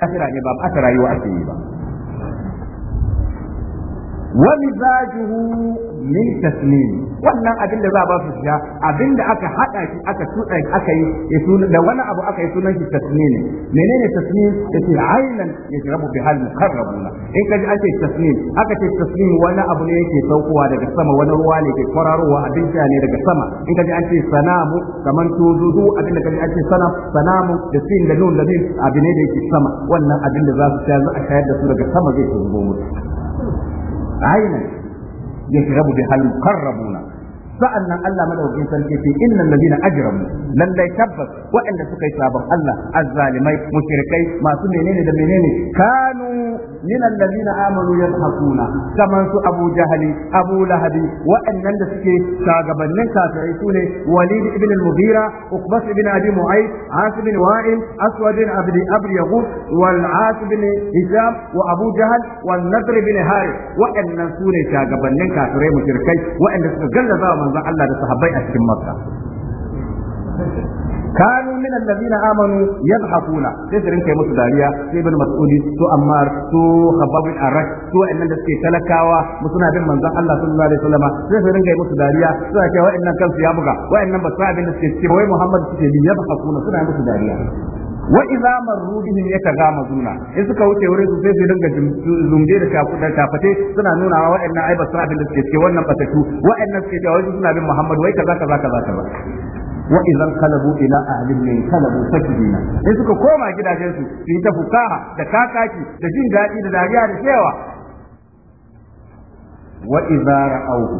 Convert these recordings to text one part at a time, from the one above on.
kafira ne ba ɓata rayuwa ake yi ba wa mizajuhu min tasnim wannan abin da za ba su sha abin da aka hada shi aka tuda aka yi da wani abu aka yi sunan shi tasnim menene tasnim yace aynan yashrabu bihal muqarrabuna in kaji ake tasnim aka ce tasnim wani abu ne yake saukowa daga sama wani ruwa ne ke kwararowa abin sha ne daga sama in kaji an ce sanamu kaman tuzuzu abin da kaji an ce sanam sanamu da sin da nun da din abin ne da yake sama wannan abin da za su sha za a shayar da su daga sama zai tuzo musu aynan rabu yashrabu na, muqarrabuna sa'annan Allah madaukakin sarki ce innal ladina ajramu lallai tabbas waɗanda suka yi sabon Allah azzalimai mushrikai masu menene da menene kanu min alladhina amanu yadhakuna kaman su Abu Jahali Abu Lahabi waɗannan da suke shugabannin kafirai sune Walid ibn al-Mughira Uqbah ibn Abi Mu'ayth Asim ibn Wa'il Aswad Abdi Abdi Yaqub wal Asim ibn wa Abu Jahal wal Nadr ibn Harith waɗannan sune shugabannin kafirai mushrikai waɗanda suka gallaza manzon Allah da sahabbai a cikin Makka kanu min allazina amanu yadhakuna sai su kai musu dariya sai ibn mas'udi to amma to khabbab bin arrak to annan da suke talakawa suna bin manzon Allah sallallahu alaihi wasallam sai su kai musu dariya suna cewa wa'annan kansu ya buga wa'annan ba su abin da suke ciki wai Muhammad suke bi yadhakuna suna musu dariya wa idza marru bihim zuna, in suka wuce wurin su sai su dinga zunge da da kafate suna nuna wa wa'annan ai ba su abin da suke ciki wannan batatu wa'annan suke cewa suna bin Muhammad wai kaza kaza kaza kaza wa idan kalabu ila ahlin min kalabu sakina sai suka koma gidajen su su yi ta fukaha da kakaki da jin daɗi da dariya da cewa wa idza ra'awhu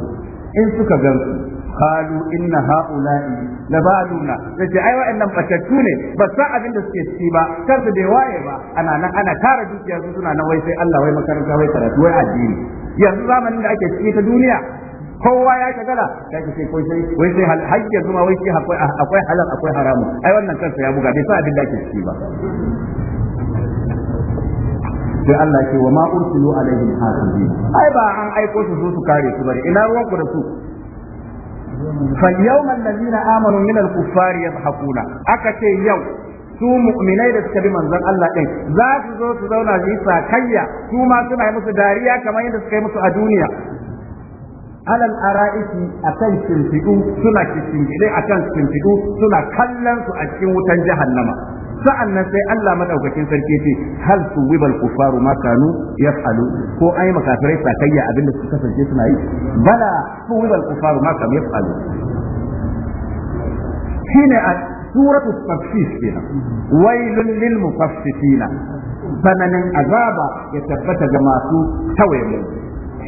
in suka gansu qalu inna ha'ula'i labaluna yace ai wa'annan fatattu ne ba sa abin da suke ciki ba kar da bai waye ba ana nan ana tara dukiya su suna nan wai sai Allah wai makaranta wai karatu wai addini yanzu zamanin da ake ciki ta duniya kowa ya shagala sai ka ce kai sai wai sai har yanzu ma wai sai akwai halal akwai haramu ai wannan kansa ya buga bai sa abin da ke ciki ba sai Allah ke wa ma ursilu alaihim hasibi ai ba an aiko su su kare su bane ina ruwan ku da su فاليوم الذين آمنوا من الكفار يضحكون ce يوم su mu'minai da suka bi manzon Allah din za su zo su zauna su yi sakayya su ma suna yi musu dariya kamar yadda suka yi musu a duniya alal ara'iki akan shimfidu suna kishingide akan shimfidu suna kallon su a cikin wutan jahannama sa'annan sai Allah madaukakin sarki ce hal suwibal kufaru ma kanu yaf'alu ko ai makafirai sakayya abinda suka kasance suna yi bala suwibal kufaru ma kanu yaf'alu shine a suratul tafsir kenan wailun lil mutaffifina sananin azaba ya tabbata ga masu tawaye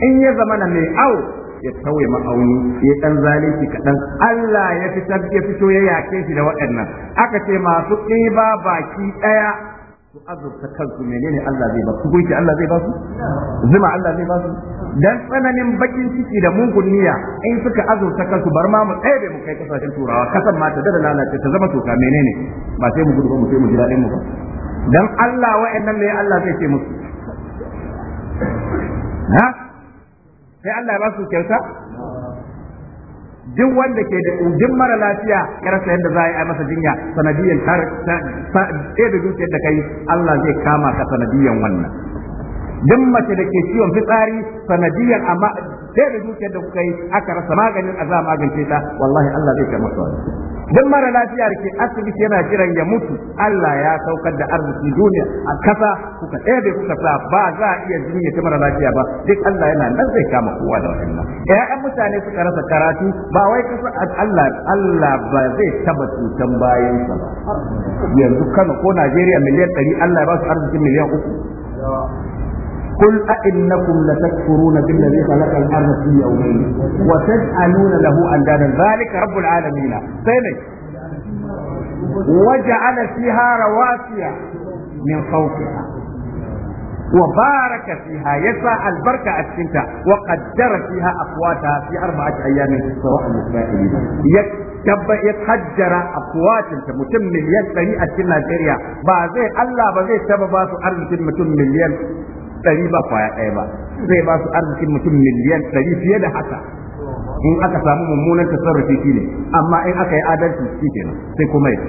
in ya zamana mai au ya tauye ma'auni ya dan zalunci kaɗan Allah ya fitar ya fito ya yake shi da waɗannan aka ce masu ƙiba baki ɗaya su azurta kansu menene Allah zai ba su gunki Allah zai ba su zuma Allah zai ba su dan tsananin bakin ciki da mungun niyya in suka azurta kansu bar ma mu tsaye mu kai kasashen turawa kasan ma ta da lalace ta zama toka menene ba sai mu gudu ba mu sai mu ji daɗin mu ba dan Allah wa'annan ne Allah zai ce musu ha sai Allah ba su kyauta duk wanda ke da ujin mara lafiya ya rasa yadda za a yi masa jinya sanadiyan har sai da zuciyar da kai Allah zai kama ka sanadiyan wannan duk mace da ke ciwon fitsari sanadiyan amma sai da dukiyar da kuka yi aka rasa maganin a za magance ta wallahi Allah zai kama su duk mara lafiya da ke asibiti yana kiran ya mutu Allah ya saukar da arziki duniya a kasa kuka da kuka sa ba za a iya ya ta mara lafiya ba duk Allah yana nan zai kama kowa da wannan ƴaƴan mutane suka rasa karatu ba wai kasa Allah Allah ba zai taba cutan sa ba yanzu Kano ko Najeriya miliyan ɗari Allah ya ba su arzikin miliyan uku قل أئنكم لتكفرون بالذي خلق الأرض في يومين وتجعلون له أندادا ذلك رب العالمين ثاني وجعل فيها رواسي من فوقها وبارك فيها يسعى البركة أتشنتا وقدر فيها أقواتها في أربعة أيام سواء الإسرائيليين يتحجر أقوات متم مليون بني أتشن نيجيريا بعضي الله بعضي سببات أرض متم مليون ɗari ba kwaya ɗaya ba zai ba su arzikin mutum miliyan ɗari fiye da haka in aka samu mummunan tasarrufi shi ne amma in aka yi adalci shi nan sai kuma ya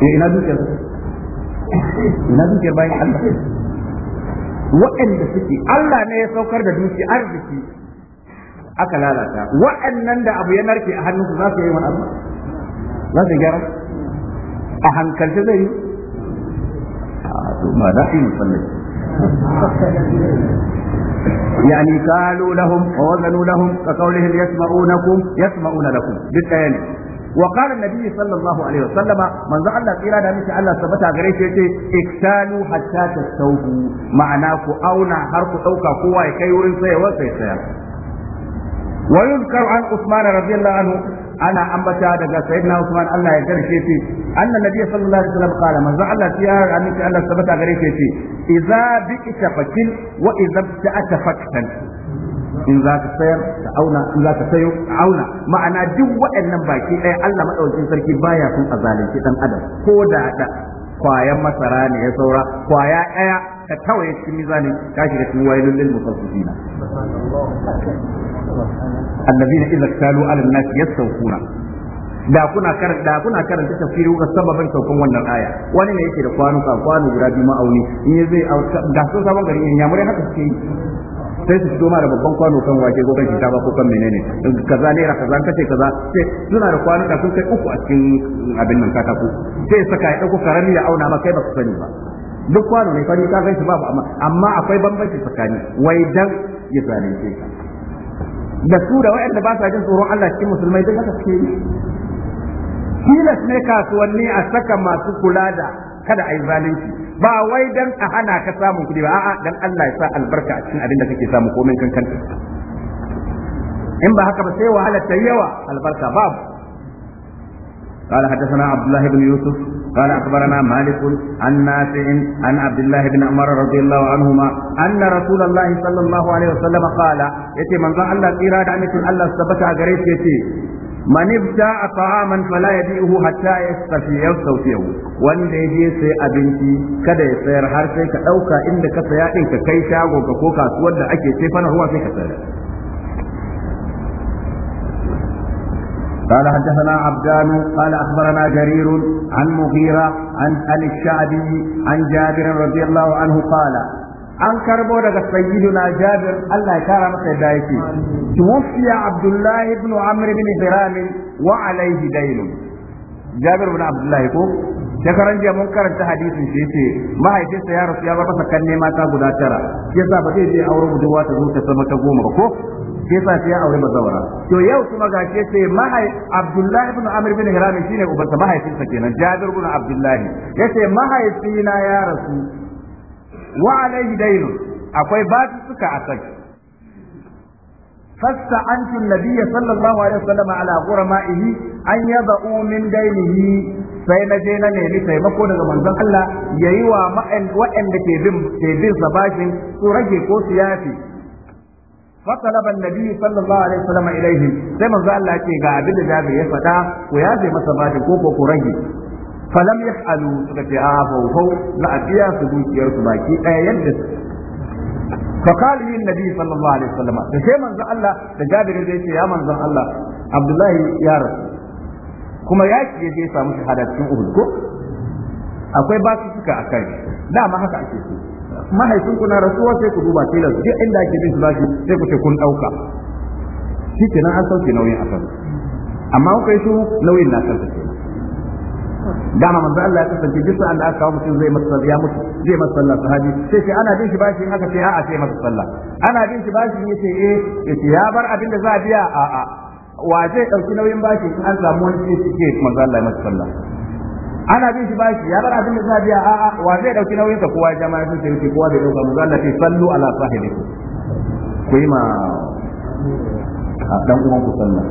eh, ina dukiyar ina dukiyar bayan Allah waɗanda suke Allah ne ya saukar da duki arziki aka lalata waɗannan da abu ya narke a hannunsu za su yi wani abu za su gyara a hankalta zai yi ma ah, ra'ayin musulmi yani kalu lahum wa wazanu lahum ka kaulihim yasma'unakum yasma'una lakum duk daya ne wa qala annabi sallallahu alaihi wa sallama man za Allah tsira da miki Allah sabata gare shi yace iktalu hatta tasawu ma'ana ku auna har ku ɗauka kowa ya kai wurin sayawa sai saya wa yuzkaru an usman radiyallahu anhu ana ambata daga sayyidina Usman Allah ya karshe shi annan nabi sallallahu alaihi wasallam qala manzo Allah ya amince Allah sabata gare shi ce idza bi'ta fakil wa idza ta'ata faktan in za ka sayar ka auna in za ka sayo ka auna ma'ana duk waɗannan baki ɗaya Allah madaukakin sarki baya kun azalunci dan adam ko da da kwayan masara ne ya saura kwaya ɗaya ta tawaye cikin mizanin ka shiga cikin wayilul lil allazina idza kalu ala nas da kuna karanta da kuna karanta tafsiri ga sababin saukan wannan aya wani ne yake da ka kwano guda biyu ma'auni in ya zai da sun sabon gari in yamurai haka suke yi sai su fito ma da babban kwano kan wake ko kan shinkafa ko kan menene kaza naira kaza kace kaza sai suna da kwanuka sun kai uku a cikin abin nan katako sai saka ya dauko karami ya auna ma kai ba ku sani ba duk kwano ne fari ka gaisa babu amma amma akwai bambanci tsakani wai dan ya zalunce ka da su da waɗanda ba sa jin tsoron Allah cikin musulmai duk haka suke yi tilas ne kasuwanni a saka masu kula da kada a yi zalunci ba wai dan a hana ka samun kuɗi ba a'a dan Allah ya sa albarka a cikin abin da kake samu komai kan kanta in ba haka ba sai wahala ta yawa albarka babu قال حدثنا عبد الله بن يوسف قال أخبرنا مالك عن نافع عن عبد الله بن عمر رضي الله عنهما أن رسول الله صلى الله عليه وسلم قال يتي من ظن الله إرادة أن الله ثبت أجريت يتي man ibta'a ta'aman fala yabi'uhu hatta yastafiya sawtihi wanda yaje sai abinci kada ya sayar har sai ka ɗauka inda ka saya din ka kai shago ka ko kasuwar da ake sai ruwa sai ka sayar قال حدثنا عبدان قال أخبرنا جرير عن مغيرة عن أل الشعبي عن جابر رضي الله عنه قال an karbo daga sayyiduna jabir Allah ya kara masa yadda yake tuwfiya abdullahi ibn amr ibn hiram wa alayhi daynun jabir ibn abdullahi ko shekaran jiya mun karanta hadisin shi yace mahaifinsa ya rasu ya bar masa kanne mata guda tara yasa ba zai je auren budurwa ta zo ta sama ta goma ba ko sai sai ya aure bazawara to yau kuma ga ce sai mahai Abdullahi ibn Amr ibn Hiram shine ubansa mahaifinsa kenan Jabir ibn Abdullahi yace mahaifina ya rasu wa alaihi akwai basu suka a kai فاستعنت النبي صلى الله عليه وسلم على غرمائه أن يضعوا من sai na je na nemi taimako daga manzon Allah yayi wa waɗanda ke bin sa bashin su rage ko su فطلب النبي صلى الله عليه وسلم اليه زي ما ان الله يكي ga abinda da ya fada ko ya zai masa bada ko ko rage fa lam yahalu suka ce a ba ko la abiya su duki baki daya yanda fa kalli nabi sallallahu alaihi wasallam da zai manzo allah da jabir zai ce ya manzo allah abdullahi ya rab kuma ya ki je samu shahadatu ubu ko akwai ba a kai akai dama haka ake ce mahaifinku na rasuwa sai ku duba tilas duk inda ake bin su zaki sai ku ce kun dauka shi kenan an sauke nauyin akan amma kuka yi su nauyin na kansa kenan dama manzo Allah ya kasance duk sa'an da aka kawo mutum zai masa ya mutu zai masa sallah sahabi sai ce ana bin shi bashi in aka ce a'a sai masa sallah ana bin shi bashi yace eh yace ya bar abin da za a biya a'a wa zai dauki nauyin bashi in an samu wani sai ce manzo Allah ya masa sallah ana bin shi bashi ya bar abin da za biya a'a wa zai dauki nauyin sa kowa jama'a sun sai yake kowa zai dauka mu zalla fi sallu ala sahibi ku yi ma dan uwan ku sallah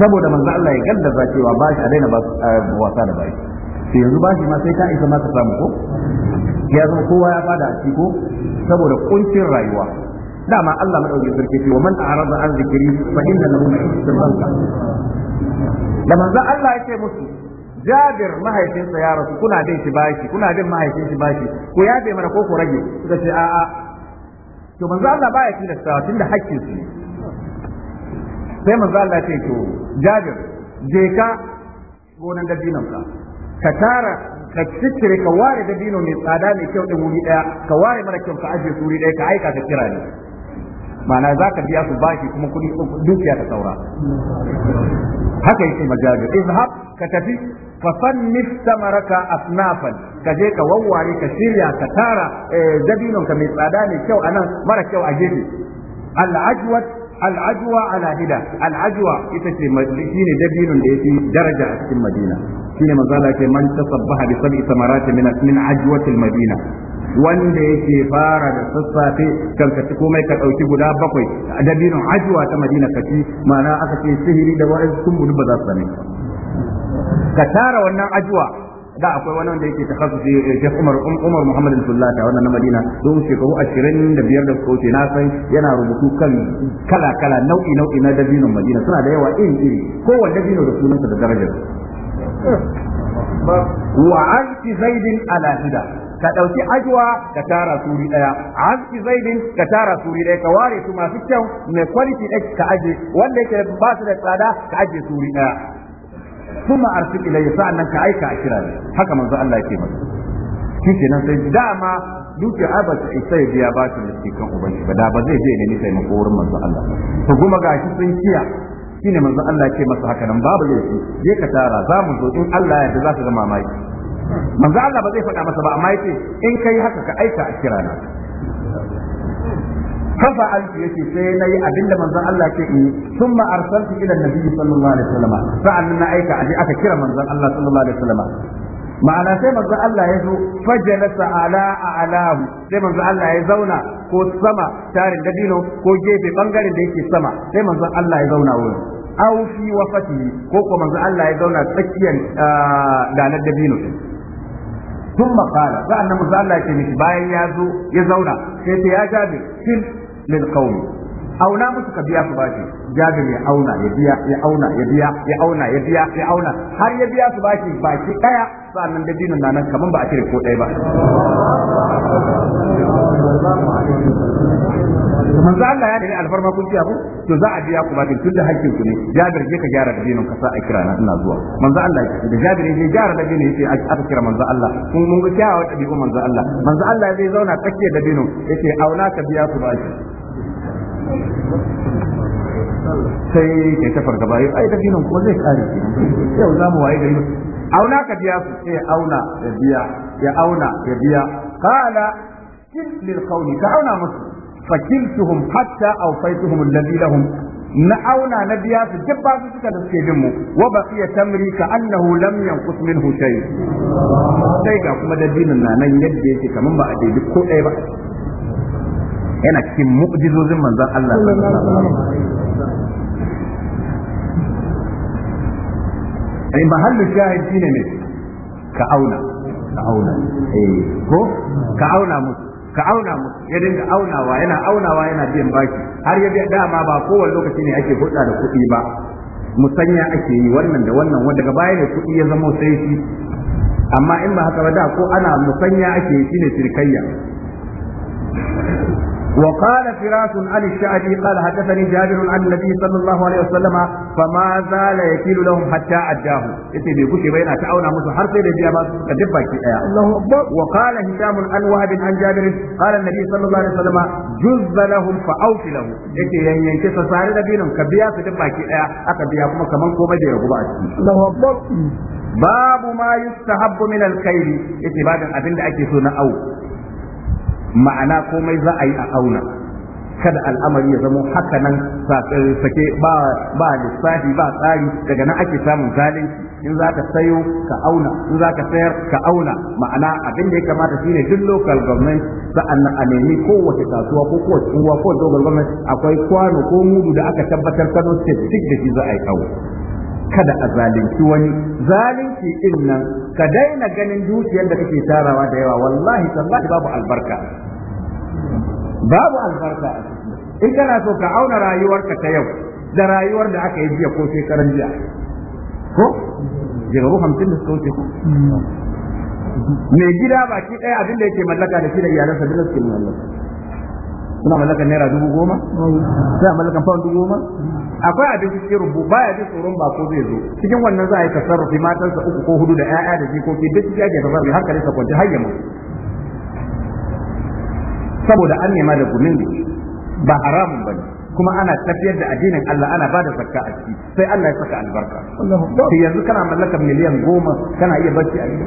saboda manzo Allah ya gallaza cewa bashi a daina wasa da bashi sai yanzu bashi ma sai ta isa ma ka samu ko ya zo kowa ya fada a ciki ko saboda kuncin rayuwa dama Allah madauki sarki ce wa man a'rada an zikri fa inna lahu ma'isatan dama manzo Allah ya ce musu jabir mahaifinsa ya rasu kuna bin shi bashi kuna bin mahaifin shi bashi ku bai mana ko ku rage suka ce a'a to manzo Allah baya tilasta tunda hakkin su sai manzo Allah ce to jabir je ka gonan dabinon ka ka tara ka ka ware dabino mai tsada mai kyau din wuri daya ka ware mara kyau ka aje wuri daya ka aika ka kira ni ma'ana za ka biya su bashi kuma kuɗi dukiya ta saura haka yake majabir izhab ka tafi fa sannif samaraka asnafan ka je ka wawware ka shirya ka tara eh, dabinon ka mai tsada ne kyau anan mara kyau a gefe al al'ajuwa ala hida al'ajuwa ita ce shi ne dabinun da yake daraja a cikin madina shi ne manzala ke man tasabbaha bi sab'i samarati min min ajwatil madina wanda yake fara da sassafe kan ka komai ka dauki guda bakwai dabinin ajuwa ta madina kaci mana ma'ana aka ce sihiri da wa'in sun ba za su same ka tara wannan ajuwa da akwai wani wanda yake takhassusi eh, Sheikh Umar um, Umar Muhammad al-Sullata wannan na Madina don shekaru 25 da suka wuce na san yana rubutu kan kala kala nau'i nau'i na dabinon Madina suna da yawa iri iri kowanne dabino da sunansa da darajar wa anti zaidin ala hida ka dauki ajwa ka tara suri daya azki zaidin ka tara suri daya ka ware su masu kyau mai quality ɗaya ka aje wanda yake ba su da tsada ka aje suri daya kuma arsil ilayya sa'annan ka aika a kira haka manzo Allah yake masa shi kenan sai dama duk ya ba ta isa ya biya ba ta kan ubangi ba da ba zai je ne ni taimako wurin manzo Allah to kuma ga shi sun kiya shine manzo Allah ke masa haka nan babu laifi je ka tara za mu zo in Allah ya yarda za ka zama mamaki manzo Allah ba zai faɗa masa ba amma yace in kai haka ka aika a kira kirana fa alfi yace sai na yi abinda manzo Allah ke yi thumma arsaltu ila nabi sallallahu alaihi wasallam sa'an na aika aje aka kira manzo Allah sallallahu alaihi wasallam ma'ana sai manzo Allah ya zo fajalasa ala alahu sai manzo Allah ya zauna ko sama tarin dabino ko gefe bangaren da yake sama sai manzo Allah ya zauna wurin aw fi wafati ko ko manzo Allah ya zauna tsakiyar na ah, dabino sun makala za a na musa Allah ke miki bayan ya zo ya zauna sai ta ya gabe shi lil kawai auna musu ka biya su bashi jabir ya auna ya biya ya auna ya biya ya auna ya biya ya auna har ya biya su bashi baki daya sannan da dinin nan kaman ba a cire ko ɗaya ba manzo Allah ya dani alfarma kun ciya ku to za a biya ku ba din tunda hakkin ku ne jabir je ka gyara dinin ka sa a kira na ina zuwa manzo Allah da jabir je gyara da dinin yace aka kira manzo Allah kun mun ga kyawawa dabi'u manzo Allah manzo Allah zai zauna tsakiyar da dinin yace auna ka biya ku shi. sai ke ta fargaba yau ai ginin ko zai kare yau za mu waye gari auna ka biya su sai auna ya biya ya auna ya biya Kala kin lil qawli ka auna musu fakiltuhum hatta awfaituhum alladhi lahum na auna na biya su duk ba su suka da suke din mu wa baqiya tamri ka annahu lam yanqus minhu shay sai ga kuma dinin nan yadda yake kaman ba a daidai ko ɗaya ba yana cikin mu'jizozin manzon Allah ai mahallu shahid shine ne ka auna ka auna eh ko ka auna musu ka auna musu ya dinga aunawa yana aunawa yana biyan baki har ya biya dama ba kowane lokaci ne ake hulɗa da kuɗi ba musanya ake yi wannan da wannan wanda daga baya ne kuɗi ya zama sai shi amma in ba haka ba da ko ana musanya ake yi shine shirkayya وقال فراس عن الشعبي قال حدثني جابر عن النبي صلى الله عليه وسلم فما زال يكيل لهم حتى أداه يتي بيقول بين تعاون مسو حرف بيجي أباس كدبا الله أكبر وقال هشام عن وهب عن جابر قال النبي صلى الله عليه وسلم جز لهم فأوف له يتي ينكي سساري نبينا كبيا كدبا كي أكبيا كما كمان كوما دي الله أكبر باب ما يستحب من الكيل يتي بعد أبين أكي سنة أو ma'ana komai za a yi a auna kada al'amari ya zama haka nan sake ba lissafi ba tsari daga nan ake samun zalunci in za ka sayo ka auna in za ka sayar ka auna ma'ana abin da ya kamata shine duk local government sa'an nan a nemi kowace kasuwa ko kowace unguwa ko local government akwai kwano ko mudu da aka tabbatar Kano state duk da shi za a yi auna kada a zalunci wani zalunci din nan ka daina ganin dukiyar da kake tarawa da yawa wallahi tallahi babu albarka babu albarka in kana so ka auna rayuwarka ta yau da rayuwar da aka yi jiya ko shekaran jiya ko jirgin hamsin da suka wuce mm. mai gida baki ɗaya abin da yake mallaka da shi da iyalansa duk suke mallaka suna mallakan naira dubu goma suna mallakan pound dubu goma akwai abin cikin rubu baya ji tsoron ba ko zai zo cikin wannan za a yi tasarrufi matansa uku ko hudu da 'ya'ya da jikoki duk ya ke tasarrufi har kare sa kwanci har saboda an nema da gumin ba haramun bane kuma ana tafiyar da addinin Allah ana bada zakka a ciki sai Allah ya saka albarka sai yanzu kana mallakar miliyan goma kana iya barci a gida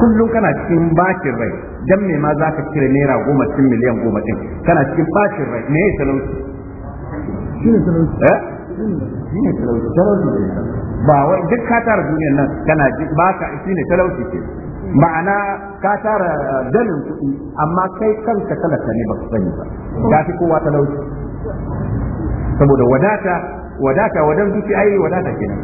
kullum kana cikin bakin rai dan me ma zaka cire naira goma cikin miliyan goma din kana cikin bakin rai me ya talauci shi eh? ne talauci ba wai duk ka tara duniyar nan kana ba ka shi ne talauci ce, ma'ana ka tara eh, danin kuɗi amma kai kanka talaka ne ba ka sani ba ka fi kowa talauci saboda wadata wadata wadan zuci ai wadata kenan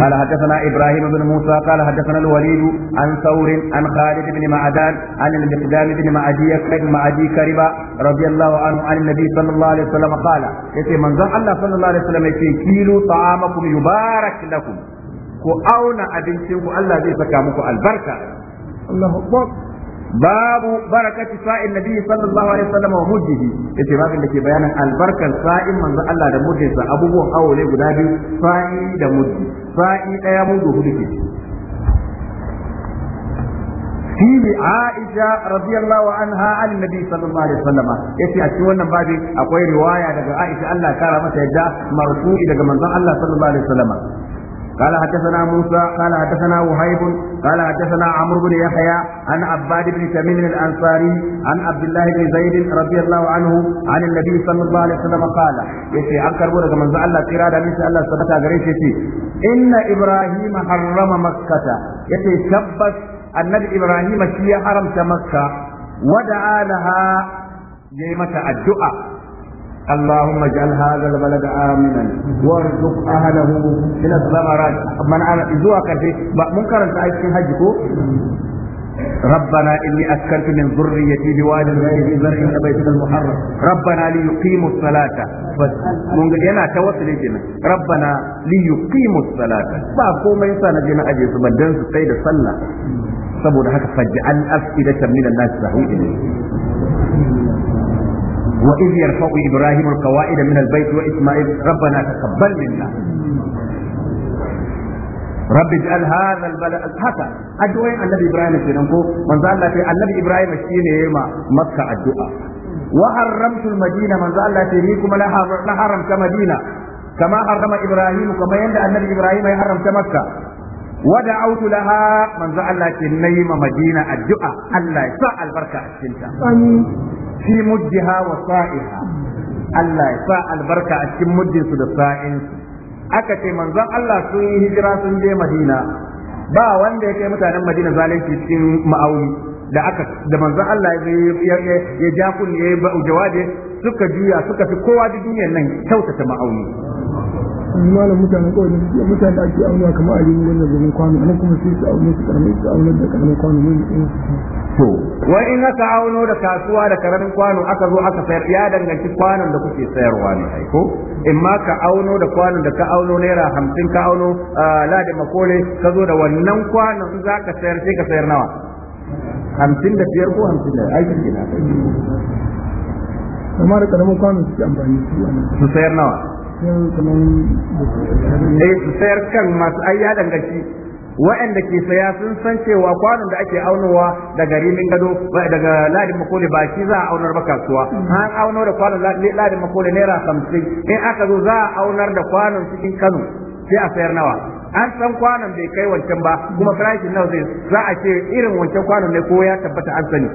قال حدثنا ابراهيم بن موسى قال حدثنا الوليد عن ثور عن خالد بن معدان عن المقدام بن معدي معدي كربه رضي الله عنه عن النبي صلى الله عليه وسلم قال يتي من الله صلى الله عليه وسلم يتي كيلو طعامكم يبارك لكم ku auna abincinku Allah zai saka muku albarka Allahu akbar babu barakati sa'in nabi sallallahu alaihi wasallam wa mujjihi yace babin da ke bayanin albarkar sa'in manzo Allah da mujjinsa abubuwan aure guda biyu sa'i da mujji sa'i daya mudu hudu ke fihi Aisha radiyallahu anha an Nabi sallallahu alaihi wasallam yace a cikin wannan babi akwai riwaya daga Aisha Allah kara mata yadda marfu'i daga manzon Allah sallallahu alaihi wasallam قال حدثنا موسى قال حدثنا وهيب قال حدثنا عمرو بن يحيى عن عباد بن تميم الانصاري عن عبد الله بن زيد رضي الله عنه عن النبي صلى الله عليه وسلم قال يتي انكر بورك من الله تيرا دا من الله ثبتا غريش يتي ان ابراهيم حرم مكه يتي تبت النبي ابراهيم شي حرمت مكه ودعا لها yayi mata addu'a اللهم اجعل هذا البلد آمنا وارزق أهله من الثمرات من أنا إذوا كذي منكر الآية في حجكو ربنا إني أسكنت من ذريتي بواد غير ذي زرع عند بيتك المحرم ربنا ليقيموا الصلاة بس من أنا توصل جنا ربنا ليقيموا الصلاة باكو ما ينسى نجينا أجي سبدن سيد صلى saboda haka faj'al afidatan minan nas tahwi ilayhi وإذ يرفع إبراهيم القواعد من البيت وإسماعيل ربنا تقبل منا رب اجعل هذا البلد حسن أدعو النبي إبراهيم سيدنكو من ذا الله النبي إبراهيم الشيني مكة الدعاء وحرمت المدينة من ذا الله تهيكم لا حرمت مدينة كما حرم إبراهيم كما يندى النبي إبراهيم يحرمت مكة ودعوت لها من ذا الله تنيم مدينة الدعاء الله يسع البركة الشنطة fi mujjiha wa sa'iha Allah ya sa albarka a cikin su da sa'in aka ce manzon Allah sun yi hijira sun je Madina ba wanda ya kai mutanen Madina zalunci cikin ma'auni da aka da manzon Allah ya ya ya jawabi suka juya suka fi kowa da duniyar nan kyautata ma'auni malam mutanen kawai da mutane da ake auna kamar a yi wannan zaman kwano anan kuma sai su auna su karamin su auna da karamin kwano ne mutum to wai in aka auno da kasuwa da karamin kwano aka zo aka sayar ya danganci kwanon da kuke sayarwa ne ai ko in ma ka auno da kwanon da ka auno naira hamsin ka auno da makole ka zo da wannan kwanon za ka sayar sai ka sayar nawa hamsin da biyar ko hamsin da ai shi kai amma da karamin kwano suke amfani su sayar nawa eh su sayar kan masu ayya danganci wa'anda ke saya sun san cewa kwanon da ake aunowa daga rimin gado daga ladin makole ba shi za a aunar ba kasuwa mm. an auno da kwanon ladin makole naira hamsin in aka zo za a aunar da kwanon cikin kano sai a sayar nawa an san kwanon bai kai wancan ba kuma farashin nawa zai za a ce irin wancan kwanon ne ko ya tabbata an sani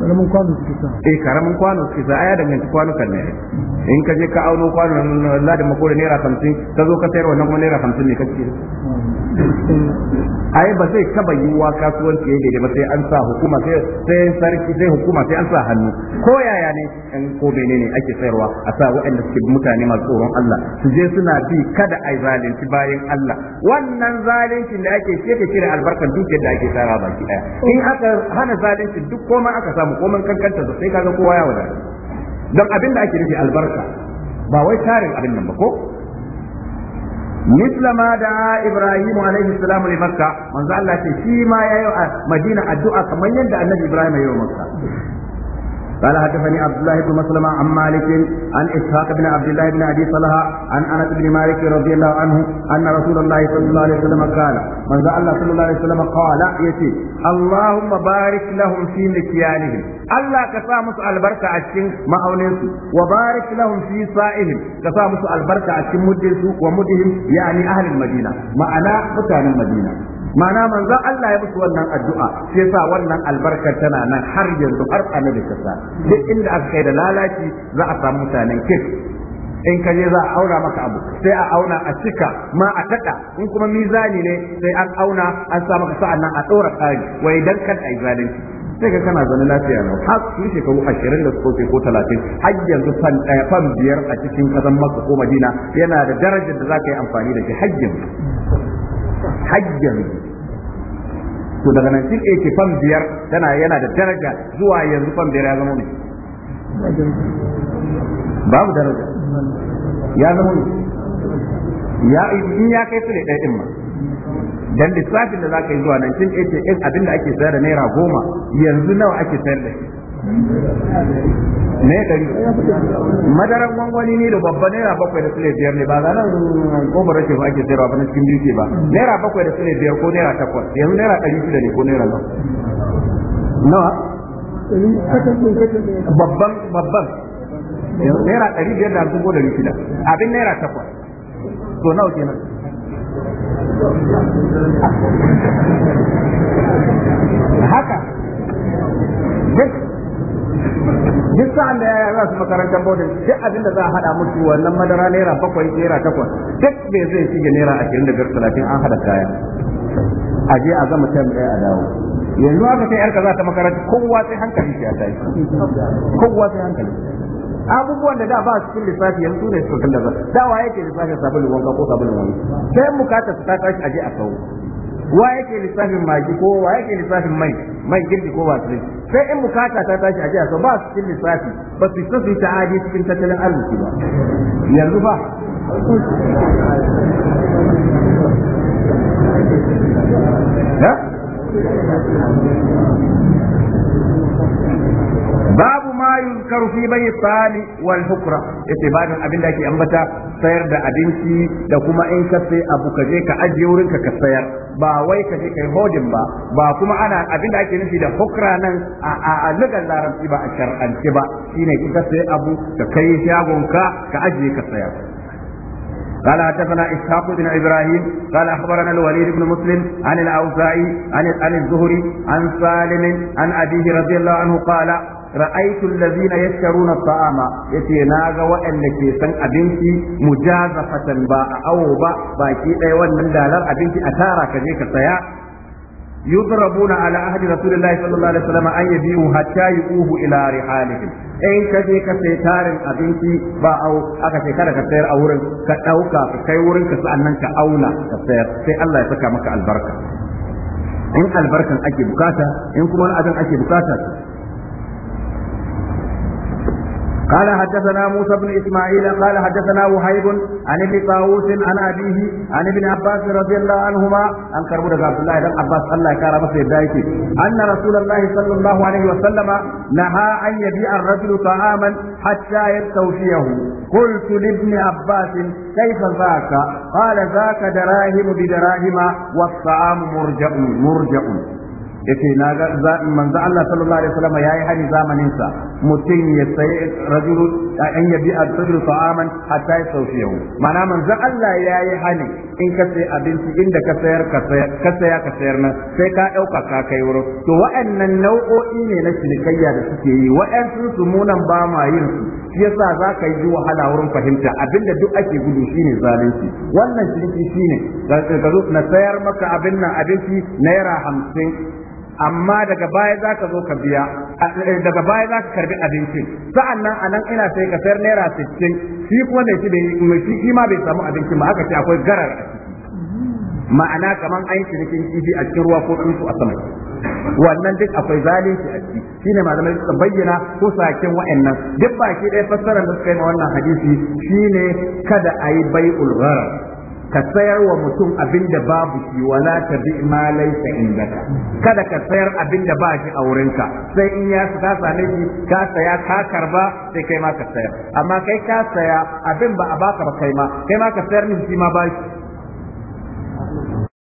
karamin kwano suke sa eh karamin kwano suke sa aya danganci kan ne in ka je ka auno kwanon da makoda naira 50 ka zo ka sayar wannan kuma naira 50 ne kake hmm. ai ba zai taba yiwuwa kasuwanci ya daidai ba sai an sa hukuma sai sarki sai hukuma sai an sa hannu ko yaya ne in ko menene ake sayarwa a sa waɗanda suke mutane masu tsoron Allah su je suna bi kada ai zalunci bayan Allah wannan zaluncin da ake ce ka kira albarkar dukiyar da ake tsara baki daya in aka hana zalunci duk ma aka samu samu komai kankanta da sai kaga kowa ya wadata don abin da ake rufe albarka ba wai tarin abin nan ba ko misla ma da ibrahim alaihi salamu ne makka manzo Allah ce shi ma yayi a madina addu'a kamar yadda annabi ibrahim ya yi makka قال حدثني عبد الله بن مسلمة عن مالك عن إسحاق بن عبد الله بن أبي صلحة عن أنس بن مالك رضي الله عنه أن رسول الله صلى الله عليه وسلم قال من ذا الله صلى الله عليه وسلم قال يتي اللهم بارك لهم في مكيالهم الله كسامس البركة أشين ما أونس وبارك لهم في صائهم كسامس البركة أشين مدهم ومدهم يعني أهل المدينة معنا مكان المدينة ma'ana manzon Allah ya musu wannan addu'a sai sa wannan albarkar tana nan har yanzu har annabi ta sa duk inda aka kai da lalaci za a samu mutanen kif in ka je za a aura maka abu sai a auna a cika ma a tada in kuma mizani ne sai an auna an sa maka sa'an nan a ɗora tsari wai dan kan ai zalunci sai ka kana zaune lafiya lau har su shekaru ashirin da suka ko talatin har yanzu fan ɗaya fan biyar a cikin ƙasar maka ko madina yana da darajar da za ka yi amfani da shi har yanzu hajjan to daga nan tun yake fam biyar tana yana da daraja zuwa yanzu fam biyar ya zama ne babu daraja ya zama ne ya in ya kai su da ɗaya ɗin ma dan lissafin da za ka yi zuwa 1988 abin da ake sayar da naira goma yanzu nawa ake sayar da shi ne dari madaran gwangwani ne da babba naira bakwai da sule biyar ne ba za nan kofar rashin ake sayarwa ba na cikin biyu ba naira bakwai da sule biyar ko naira takwas yanzu naira ɗari shida ne ko naira nan nawa babban babban naira ɗari biyar da hamsin ko ɗari shida abin naira takwas to nawa kenan haka duk sa'an da yaya za su makarantar bodin duk abin da za a hada musu wannan madara naira bakwai naira takwas duk bai zai shige naira ashirin da biyar talatin an hada kaya a je a zama can ɗaya a dawo yanzu haka sai yarka za ta makaranta kowa sai hankali ya tashi kowa sai hankali abubuwan da da ba su cikin lissafi yanzu ne su kan da dawa yake lissafin sabulin wanka ko sabulin wani sai mu su ta tashi aje a sau wa yake lissafin maki ko wa yake lissafin mai mai girki ko ne sai in bukata ta tashi a jiya ba su cikin lissafi ba su so su yi ta'adi cikin tattalin arziki ba yanzu ba babu yuzkaru fi bai sali wal hukra yace ba abin da ake ambata sayar da abinci da kuma in ka sai abu ka je ka ajiye wurin ka sayar ba wai ka je kai hodin ba ba kuma ana abin da ake nufi da hukra nan a a lugar larabci ba a shar'ance ba shine in ka sai abu ka kai shagon ka ka ajiye ka sayar قال حدثنا اسحاق بن ابراهيم قال اخبرنا الوليد بن مسلم عن الاوزاعي عن عن الزهري عن سالم عن ابيه رضي الله عنه قال ra'aytu allazina ya ce na ga waɗanda ke san abinci mujazafatan ba a awo ba baki ɗaya wannan dalar abinci a tara ka ka saya يضربون على عهد رسول الله صلى الله عليه وسلم أن يبيعوا حتى يؤوه إلى رحالهم إن كذي كسيتار أبنتي باعوا أكا سيتار كسير أورن كأوكا كيورن كسأنن كأولا كسير سي الله يسكى مكة البركة in albarkan ake bukata in kuma al'adan ake bukata قال حدثنا موسى بن اسماعيل قال حدثنا وهيب عن ابن طاووس عن ابيه عن ابن عباس رضي الله عنهما عن كربون عبد الله بن عباس الله كان مصر يدايك ان رسول الله صلى الله عليه وسلم نهى ان يبيع الرجل طعاما حتى يستوفيه قلت لابن عباس كيف ذاك؟ قال ذاك دراهم بدراهم والطعام مرجع مرجع yace na ga manzo Allah sallallahu alaihi wasallam yayi hari zamanin sa mutum ya sai rajulu an yabi al-rajulu ta'aman hatta yau, mana manzo Allah yayi hari in ka sai abinci inda ka sayar ka sayar ka saya ka sayar nan sai ka dauka ka kai wurin to wa'annan nau'o'i ne na cinikayya da suke yi wa'ansu su munan ba ma yin su shi yasa za ka yi wahala wurin fahimta abinda duk ake gudu shine zalunci wannan ciniki shine ka na sayar maka abin nan abinci naira hamsin amma daga baya za ka zo ka biya eh, daga baya za ka karbi abincin sa'annan a nan ina sai ka sayar naira sittin shi kuma mai shi mai shi ma bai samu abincin ba aka ce akwai garar a ciki ma'ana kamar an cinikin kifi a cikin ruwa ko tsuntsu a sama wannan duk akwai zalunci a ciki shine malamai suka bayyana ko sakin wa'annan duk baki ɗaya fassarar da suka yi ma wannan hadisi shine kada a yi bai'ul gharar ka sayar wa mutum abin da babu shi wala ta bi ma laisa indaka kada ka sayar abin da ba shi a wurinka sai in ya ka same shi ka saya ka karba sai kai ma ka sayar amma kai ka saya abin ba a baka ba kai ma kai ma ka sayar min shi ma ba shi